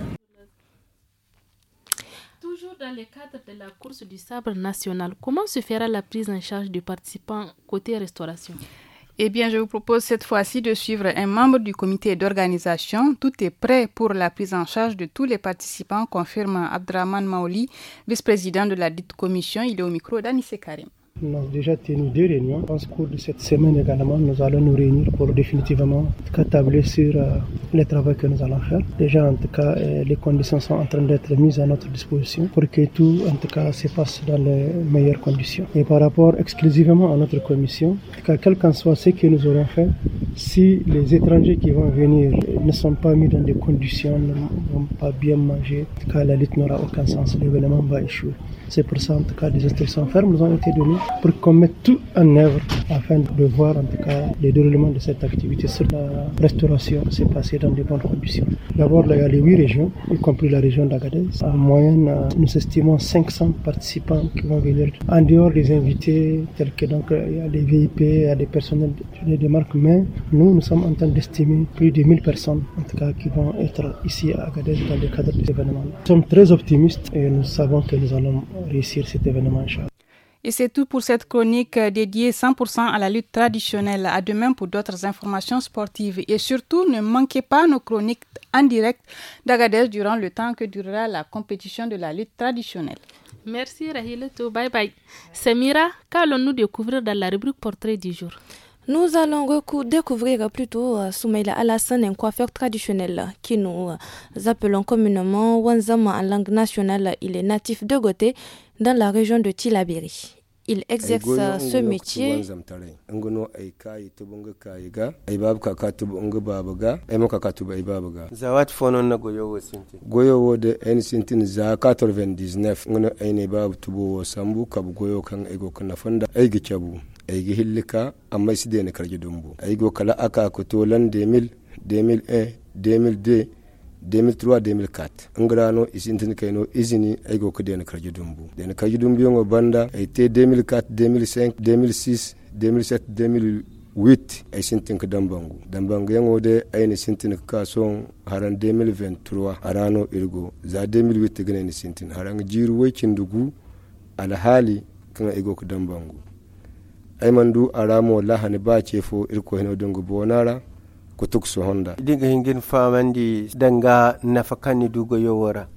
dans le cadre de la course du sabre national, comment se fera la prise en charge des participants côté restauration eh bien, je vous propose cette fois-ci de suivre un membre du comité d'organisation. Tout est prêt pour la prise en charge de tous les participants, confirme Abdraman Maoli, vice-président de la dite commission. Il est au micro d'Anissé Karim. Nous avons déjà tenu deux réunions. En cours de cette semaine également, nous allons nous réunir pour définitivement tabler sur le euh, les travaux que nous allons faire. Déjà, en tout cas, euh, les conditions sont en train d'être mises à notre disposition pour que tout, en tout cas, se passe dans les meilleures conditions. Et par rapport exclusivement à notre commission, en tout cas, quel qu'en soit ce que nous aurons fait, si les étrangers qui vont venir euh, ne sont pas mis dans des conditions, ne vont pas bien manger, en tout cas, la lutte n'aura aucun sens. L'événement va échouer. C'est pour ça, en tout cas, des instructions fermes nous ont été données pour qu'on mette tout en œuvre afin de voir, en tout cas, les déroulements de cette activité sur la restauration s'est passé dans de bonnes conditions. D'abord, il y a les huit régions, y compris la région d'Agadez. En moyenne, euh, nous estimons 500 participants qui vont venir. En dehors des invités, tels que donc, euh, il y a des VIP, il y a des personnels des marques, mais nous, nous sommes en train d'estimer plus de 1000 personnes, en tout cas, qui vont être ici à Agadez dans le cadre des événements. Nous sommes très optimistes et nous savons que nous allons réussir cet événement, Et c'est tout pour cette chronique dédiée 100% à la lutte traditionnelle. À demain pour d'autres informations sportives. Et surtout, ne manquez pas nos chroniques en direct d'Agadez durant le temps que durera la compétition de la lutte traditionnelle. Merci tout bye bye. Samira, qu'allons-nous découvrir dans la rubrique portrait du jour nous allons découvrir plutôt Soumaila euh, Soumaïla Alassane, un coiffeur traditionnel qui nous euh, appelons communément Wanzama en langue nationale. Il est natif de Gothé, dans la région de Tilabiri. Il exerce euh, ce métier aygi hillika amma isi dene karji dumbu aygo kala aka ko tolan 2000 2001 2002 2003 2004 ngrano isintin kaino izini aygo ko dene karji dumbu dene karji dumbu yongo banda ay 2004 2005 2006 2007 2008 wit ay dambangu dambangu yango de ay ni sintin ka haran 2023 arano irgo za 2008 gane sintin haran jiru wai alhali kana igo ka dambangu ay mandu aramo lahani ba cefo irko hino dungu bonara kutuk su honda diga hingin famandi danga nafa kanni dugo yowora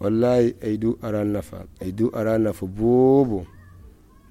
wallahi ai du ara nafa ai du ara nafa bobo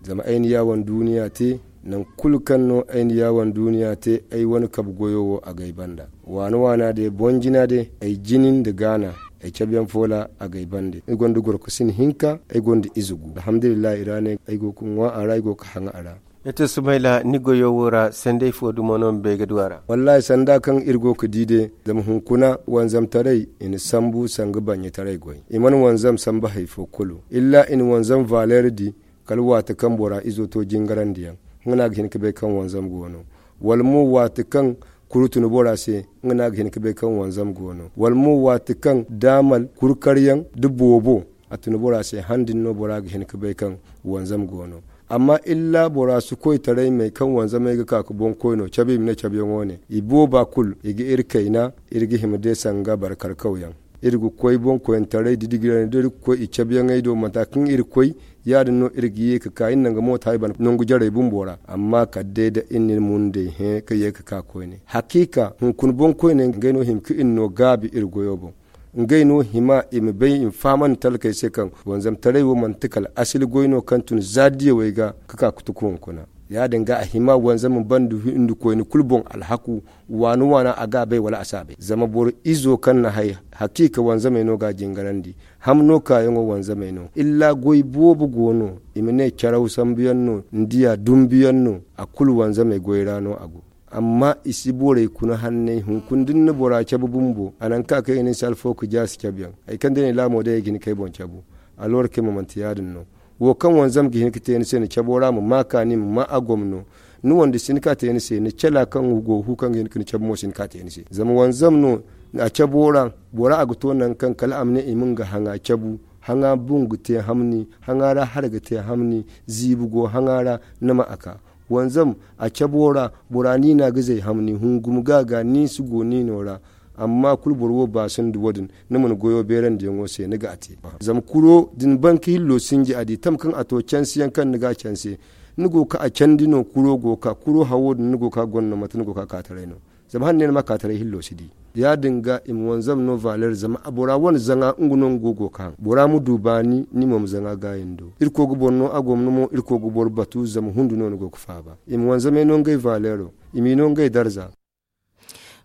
zama aini yawon duniya te nan kulkan no aini yawon duniya te ai wani kab goyowo a gaibanda wani wana de bonjina de ai jinin da gana ai cabiyan fola a gay bande ai gonde gorko sin hinka ai gonde izugu alhamdulillah irane ai go kun ara go ka hanga ara ete sumayla ni goyo wora sende fo dumo non bege duwara wallahi sanda kan irgo ka dide zam hunkuna wanzam tarai in sambu sanga banye tarai goy iman wanzam samba hay fo kulu illa in wanzam valerdi kalwa ta kan bora izo to jingaran diyan ngana gihin ka be kan wanzam gono walmu wata kan kurutun bora se ngana gihin ka be kan wanzam gono walmu wata kan damal kurkaryan dubobo atun bora se handin no bora gihin ka be kan wanzam gono amma illa bora su koi tare mai kan wanzan mai ku bon koino cabi mina cabi wone ibo ba kul igi irkaina irgi himde sanga barkar kauyan irgu koi bon koin tare didigiran dir koi cabi ngai do matakin ir koi da no irgi ye ka kayin nanga mota iban nungu jare bun bora amma ka deda inni munde he ka ye ka koine hakika hun kun bon koine ngai no himki inno gabi irgo yobo ngaino hima im bay im faman talkai se kan wanzam tarai wo mantikal asil goino kantun zadiye ga kaka kutukun kuna ya dinga a hima wanzam bandu hindu koini kulbon alhaku wanu wana aga bai wala asabe zama bor izo kan na hay hakika wanzam no ga jingarandi ham no kayango wanzam no illa goy bobu gono imene charau sambiyanno ndiya dumbiyanno akul wanzam goyrano ago amma isi bore kuna hanne hun kun dinna bora kebu bumbo anan ka kai ne salfo ku jas kebyan ai kan dane lamo da yigin kai bon kebu alor ke mamanti yadin no wo kan wanzam gi hin kite ne sen kebora mu maka ni ma agomno ni wanda sin ka te sene sen ne cela kan hugo hu kan gihin kin kebmo sin ka te sene zam zama wanzam no a kebora bora agto nan kan kala amne imun ga hanga kebu hanga bungu te hamni har harga te hamni zibugo hangara nama aka wanzam a cabora burani na gizai hamni hungum gaga ni su goni nora amma kulburwo ba sun duwadin na mun goyo beren da yango sai niga ate zam kuro din banki hillo ji adi tamkan ato kan yankan niga sai nigo ka a dino kuro go ka kuro hawo nigo ka gonna mata nigo ka no zama hanne ma katare hillo sidi ya dinga im wanzam no valer zama abora won zanga ngunon gogo kan bora mu dubani ni mom zanga gayendo irko gubonno agom no irko gubor batu zama hundu non kufaba im wanzame valero imi non darza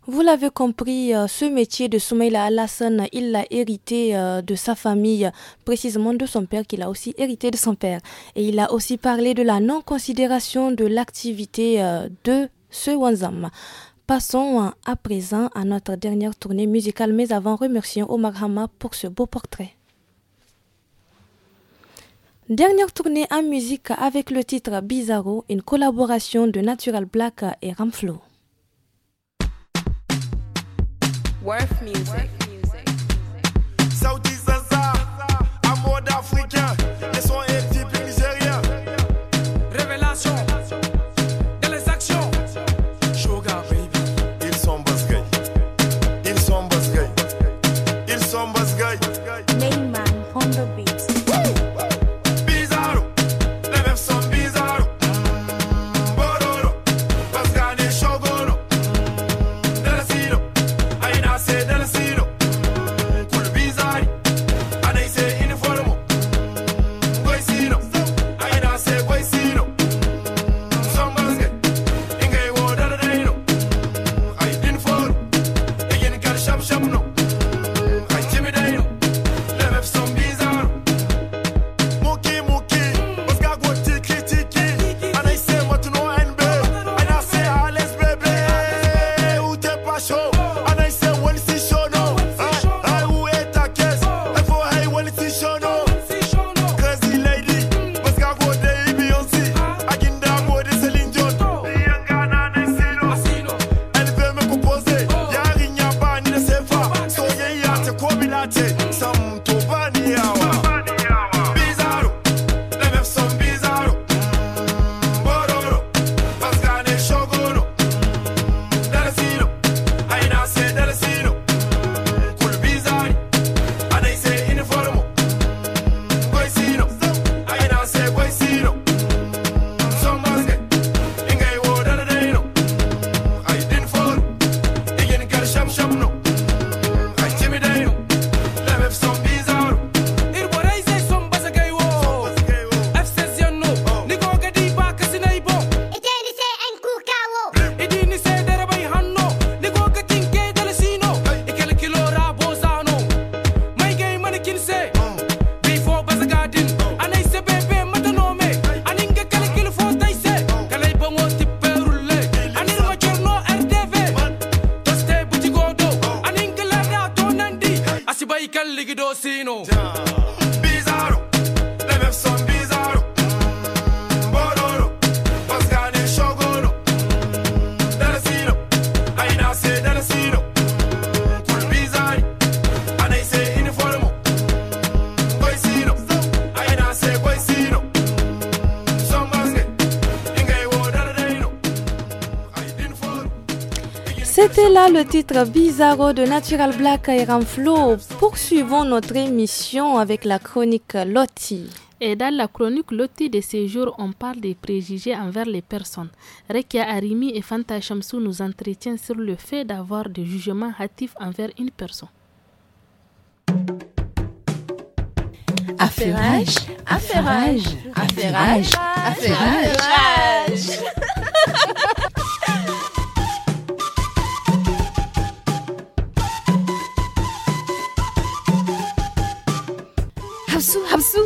Vous l'avez compris, euh, ce métier de Soumaïla Alassane, il l'a hérité euh, de sa famille, précisément de son père, qu'il a aussi hérité de son père. Et il a aussi parlé de la non-considération de l'activité euh, de ce Wanzam. Passons à présent à notre dernière tournée musicale, mais avant remercions Omar Hama pour ce beau portrait. Dernière tournée en musique avec le titre Bizarro, une collaboration de Natural Black et Ramflo. Worth C'est là le titre Bizarro de Natural Black et Flow. Poursuivons notre émission avec la chronique Lottie. Et dans la chronique Lottie de ces jours, on parle des préjugés envers les personnes. Rekia Arimi et Fanta Shamsou nous entretiennent sur le fait d'avoir des jugements hâtifs envers une personne. Affairage, affairage, affairage, affairage. Hamsu,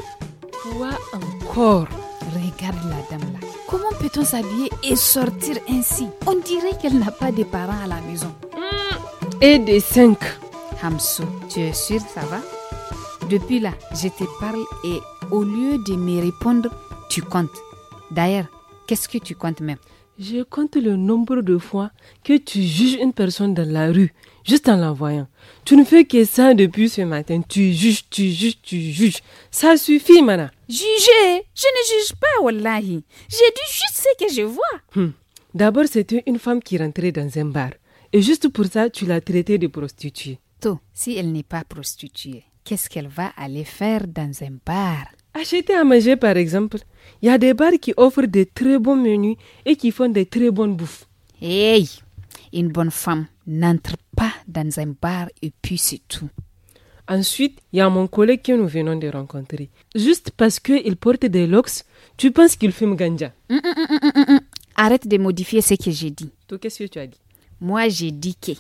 Quoi encore Regarde la dame là. Comment peut-on s'habiller et sortir ainsi On dirait qu'elle n'a pas de parents à la maison. Hmm. Et des cinq. Hamsou, tu es sûr ça va Depuis là, je te parle et au lieu de me répondre, tu comptes. D'ailleurs, qu'est-ce que tu comptes même Je compte le nombre de fois que tu juges une personne dans la rue juste en l'envoyant, Tu ne fais que ça depuis ce matin. Tu juges, tu juges, tu juges. Ça suffit, Mana. Juger Je ne juge pas, Wallahi. J'ai dû juste ce que je vois. Hmm. D'abord, c'était une femme qui rentrait dans un bar. Et juste pour ça, tu l'as traitée de prostituée. tout si elle n'est pas prostituée, qu'est-ce qu'elle va aller faire dans un bar Acheter à manger, par exemple. Il y a des bars qui offrent des très bons menus et qui font des très bonnes bouffes. Hey Une bonne femme n'entre pas dans un bar et puis c'est tout. Ensuite, il y a mon collègue que nous venons de rencontrer. Juste parce qu'il porte des locks, tu penses qu'il fume ganja hum, hum, hum, Arrête de modifier ce que j'ai dit. Toi, qu'est-ce que tu as dit Moi, j'ai dit que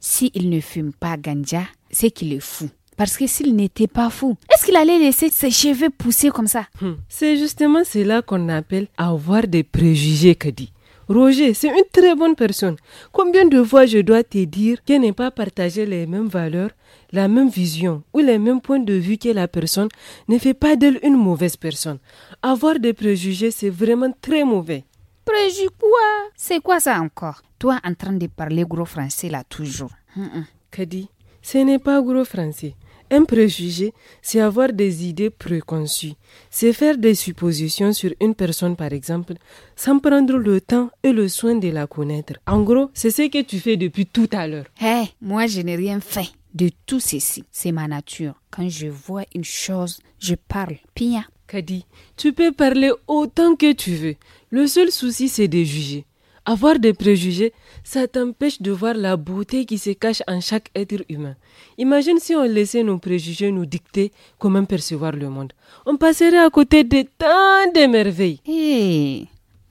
s'il il ne fume pas ganja, c'est qu'il est fou. Parce que s'il n'était pas fou, est-ce qu'il allait laisser ses cheveux pousser comme ça hmm. C'est justement cela qu'on appelle avoir des préjugés, Kadi. Roger, c'est une très bonne personne. Combien de fois je dois te dire qu'elle n'est pas partagée les mêmes valeurs, la même vision ou les mêmes points de vue que la personne ne fait pas d'elle une mauvaise personne. Avoir des préjugés, c'est vraiment très mauvais. Préjugés quoi C'est quoi ça encore Toi en train de parler gros français là toujours. Hum, hum. Kadi, ce n'est pas gros français. Un préjugé, c'est avoir des idées préconçues, c'est faire des suppositions sur une personne par exemple, sans prendre le temps et le soin de la connaître. En gros, c'est ce que tu fais depuis tout à l'heure. Hé, moi je n'ai rien fait de tout ceci. C'est ma nature. Quand je vois une chose, je parle. Pia. Kadi, tu peux parler autant que tu veux. Le seul souci, c'est de juger. Avoir des préjugés, ça t'empêche de voir la beauté qui se cache en chaque être humain. Imagine si on laissait nos préjugés nous dicter comment percevoir le monde. On passerait à côté de tant de merveilles. Eh,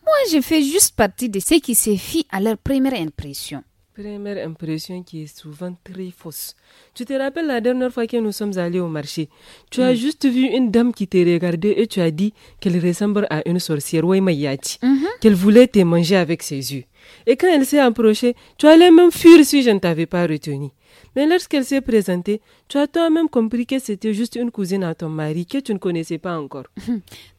moi, je fais juste partie de ceux qui se fient à leur première impression. Première impression qui est souvent très fausse. Tu te rappelles la dernière fois que nous sommes allés au marché Tu as hmm. juste vu une dame qui t'a regardé et tu as dit qu'elle ressemble à une sorcière, Waymayati, mhm. qu'elle voulait te manger avec ses yeux. Et quand elle s'est approchée, tu allais même fuir si je ne t'avais pas retenu. Mais lorsqu'elle s'est présentée, tu as toi-même compris que c'était juste une cousine à ton mari que tu ne connaissais pas encore.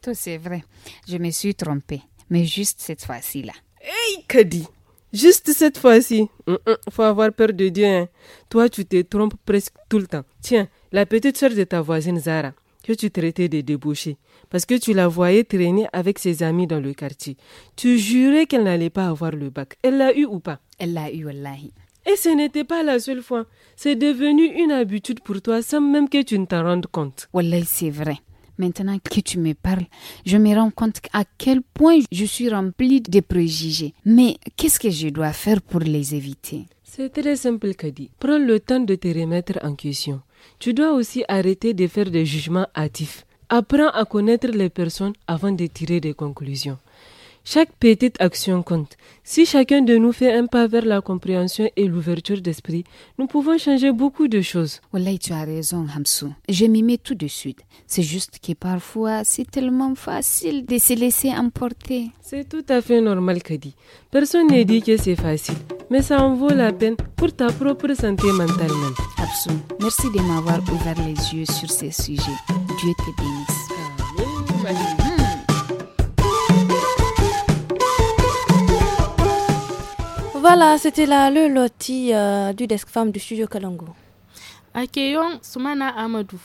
Tout c'est vrai. Je me suis trompée. Mais juste cette fois-ci-là. Hey, Kadi! Juste cette fois-ci. Mm, mm, faut avoir peur de Dieu. Hein. Toi, tu te trompes presque tout le temps. Tiens, la petite soeur de ta voisine Zara, que tu traitais de débouchée parce que tu la voyais traîner avec ses amis dans le quartier. Tu jurais qu'elle n'allait pas avoir le bac. Elle l'a eu ou pas Elle l'a eu, wallahi. Et ce n'était pas la seule fois. C'est devenu une habitude pour toi sans même que tu ne t'en rendes compte. Wallahi, c'est vrai. Maintenant que tu me parles, je me rends compte à quel point je suis remplie de préjugés. Mais qu'est-ce que je dois faire pour les éviter C'est très simple, Kadhi. Prends le temps de te remettre en question. Tu dois aussi arrêter de faire des jugements hâtifs. Apprends à connaître les personnes avant de tirer des conclusions. Chaque petite action compte. Si chacun de nous fait un pas vers la compréhension et l'ouverture d'esprit, nous pouvons changer beaucoup de choses. Wallahi, tu as raison, Hamsou. Je m'y mets tout de suite. C'est juste que parfois, c'est tellement facile de se laisser emporter. C'est tout à fait normal, Kadi. Personne n'est dit que c'est facile, mais ça en vaut la peine pour ta propre santé mentale Hamsou, merci de m'avoir ouvert les yeux sur ces sujets. Dieu te bénisse. Voilà, c'était là le loti euh, du desk femme du studio Kalongo. Akeyon Soumana Amadou.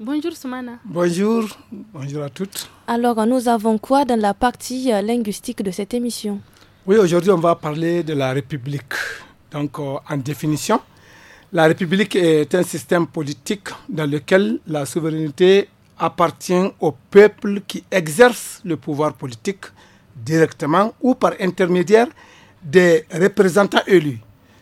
Bonjour Soumana. Bonjour, bonjour à toutes. Alors, nous avons quoi dans la partie euh, linguistique de cette émission Oui, aujourd'hui, on va parler de la République. Donc, euh, en définition, la République est un système politique dans lequel la souveraineté appartient au peuple qui exerce le pouvoir politique directement ou par intermédiaire des représentants élus.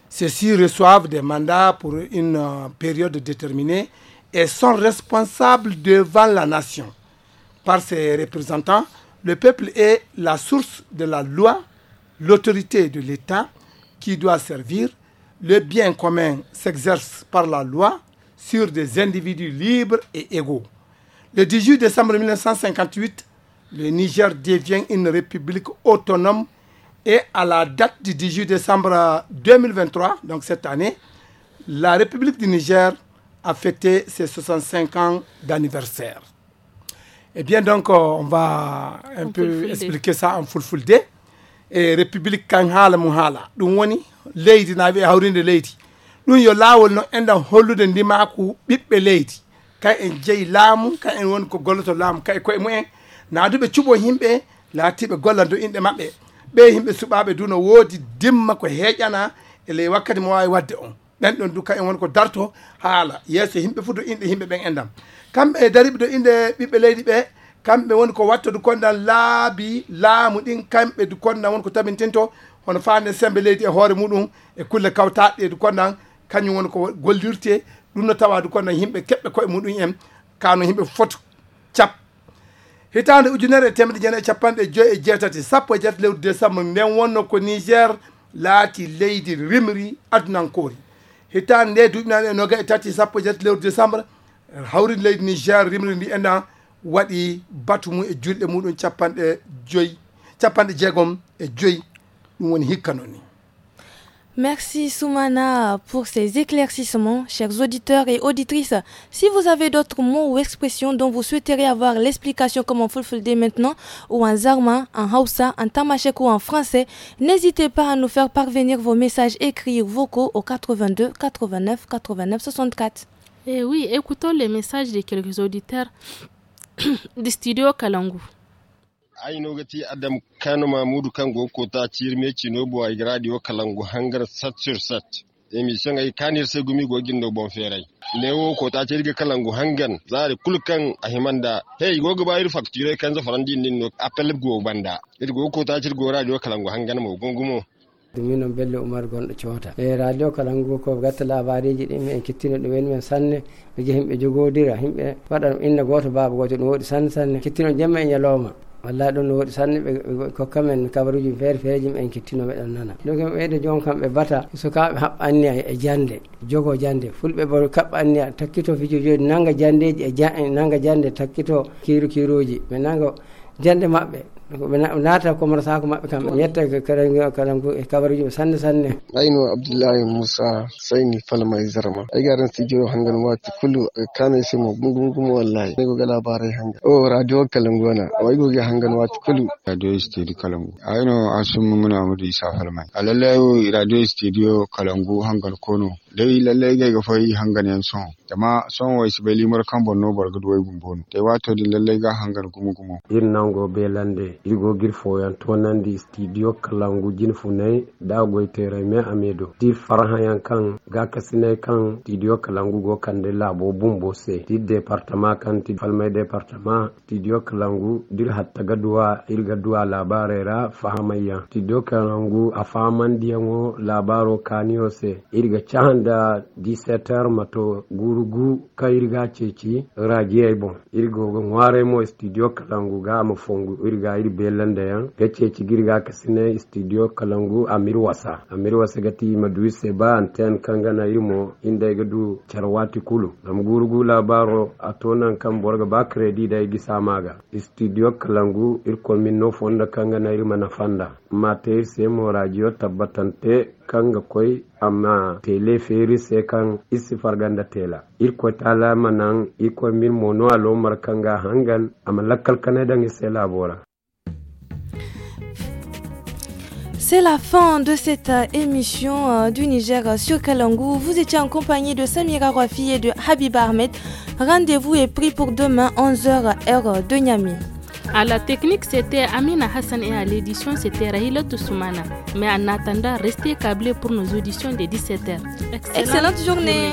Ceux-ci reçoivent des mandats pour une euh, période déterminée et sont responsables devant la nation. Par ces représentants, le peuple est la source de la loi, l'autorité de l'État qui doit servir. Le bien commun s'exerce par la loi sur des individus libres et égaux. Le 18 décembre 1958, le Niger devient une république autonome et à la date du 18 décembre 2023, donc cette année, la République du Niger a fêté ses 65 ans d'anniversaire. Eh bien, donc, euh, on va un peu expliquer ça en full full day. Et république kan nous mum haala ɗum woni leydi na wiye hawrinde leydi ɗum yo laawol no enɗan hollude ndimaku ɓiɓɓe leydi kay en jeyi lamu, kay en woni ko golloto laamu kay on mumen un cuɓo yimɓe laatiɓe gollanto inɗe maɓɓe ɓe yimɓe suɓaɓe du no woodi dimma ko heeƴana ele wakkati mo wawi wadde on ɗen ɗon du en wonko darto haala yesso yimɓe fuu do inɗe yimɓe ɓen endam kamɓe e dariɓe do inde ɓiɓɓe leydi ɓe kamɓe woni ko watta du kondan laabi laamu ɗin kamɓe du kondan wonko ko tabintinto hono fande sembe leydi e hoore muɗum e kulle kawtaɗɗe e du kondan kañum woni ko gollirte ɗum no tawa du kondan yimɓe keɓɓe koye muɗum en kano yimɓe foto cap hitande ujunere temedde jeene capanɗe joyi e jeetati sappo e jeetati lewru décembre nden wonno ko niger laati leydi rimri adunankori hitande nde duuɓi nane e noga e tati sappo e jeetati lewru décembre hawrid leydi niger rimri ndi enna waɗi batu mum e julɗe muɗum capanɗe joyi capanɗe jeegom e joyi ɗum woni hikka noon ni Merci Soumana pour ces éclaircissements, chers auditeurs et auditrices. Si vous avez d'autres mots ou expressions dont vous souhaiteriez avoir l'explication comme en Fulfulde maintenant, ou en Zarma, en Hausa, en Tamashek ou en français, n'hésitez pas à nous faire parvenir vos messages écrits vocaux au 82 89 89 64. Eh oui, écoutons les messages de quelques auditeurs du studio Kalangu. gati adam kano mamudu kan goko ta cir meci no bo ay radio kalangu hangar sat sur sat emission ay kanir sai gumi gogin no bon ferai lewo ko ta cirge kalangu hangan zari kulkan ahimanda hey gogo bayir fakture kan za farandi nin no apel go banda irgo ko ta cirgo radio kalangu hangan mo gungumo ɗuminon bello Umar gonɗo Cota. e eh, radio kalangu ko gatta labariji ɗi en kittino ɗum en men sanne ɓe jeeyi himɓe jogodira himɓe waɗa inna goto baba goto ɗum woɗi sanne sanne kittino jemma e ñalawma wallay ɗum no woɗi sanne ɓe kokkamen kabaruji feere feere ji men kettino meɗen nana ɗum kam ɓeyde jon kamɓe bata sukaɓe haɓɓa anniya e jande jogo jande fulɓe bo kaɓɓa anniya takkito fijo joni nanga jandeji e nanga jande takkito kiru kiruji ɓe nanga jande mabɓe naata ko mar sa kuma kam yetta ka karan karan kabarju sanne sanne abdoulahi abdullahi musa saini falma izarma e ai garan sijo hangan wati kulu kana sai mu wallahi ne go ga Baara hanga o radio kalangona wai go ga hangan wati kulu radio studio kalangu ayno asumu muna amadou isa falma alallahi radio studio kalangu hangal kono dai lallai gai ga fai hangan yan son dama son wai sibai limar kan bonno bargad wai gumbono dai wato din lallai ga hangan gumu gumu jin nan go be lande irgo gir foyan to nan di studio kalangu jin funai da goy tere me amedo di farha yan kan ga kasine kan studio kalangu go kan de labo bumbo se di departement kan ti falmai departement studio kalangu dir hatta gaduwa irga duwa ra fahamayya studio kalangu afaman diyango labaro kaniyo se irga chahan da disetar mato gurugu kairga ceci rajiyai bon irgo go ngware mo studio kalangu ga mo fongu irga iri belanda yan ga ceci girga kasine studio kalangu amir wasa amir wasa gati madu se ba anten kangana irmo inda ga du charwati kulu am gurugu labaro atonan kan borga ba credit da gisa maga studio kalangu ir komin no fonda kangana irma na fanda mate se mo radio tabbatante kanga koy C'est la fin de cette euh, émission euh, du Niger euh, sur Kalangu. Vous étiez en compagnie de Samira Rafi et de Habib Ahmed. Rendez-vous est pris pour demain 11h heure de Niamey. À la technique, c'était Amina Hassan et à l'édition, c'était Rahila Toussoumana. Mais en attendant, restez câblés pour nos auditions de 17h. Excellente, journée.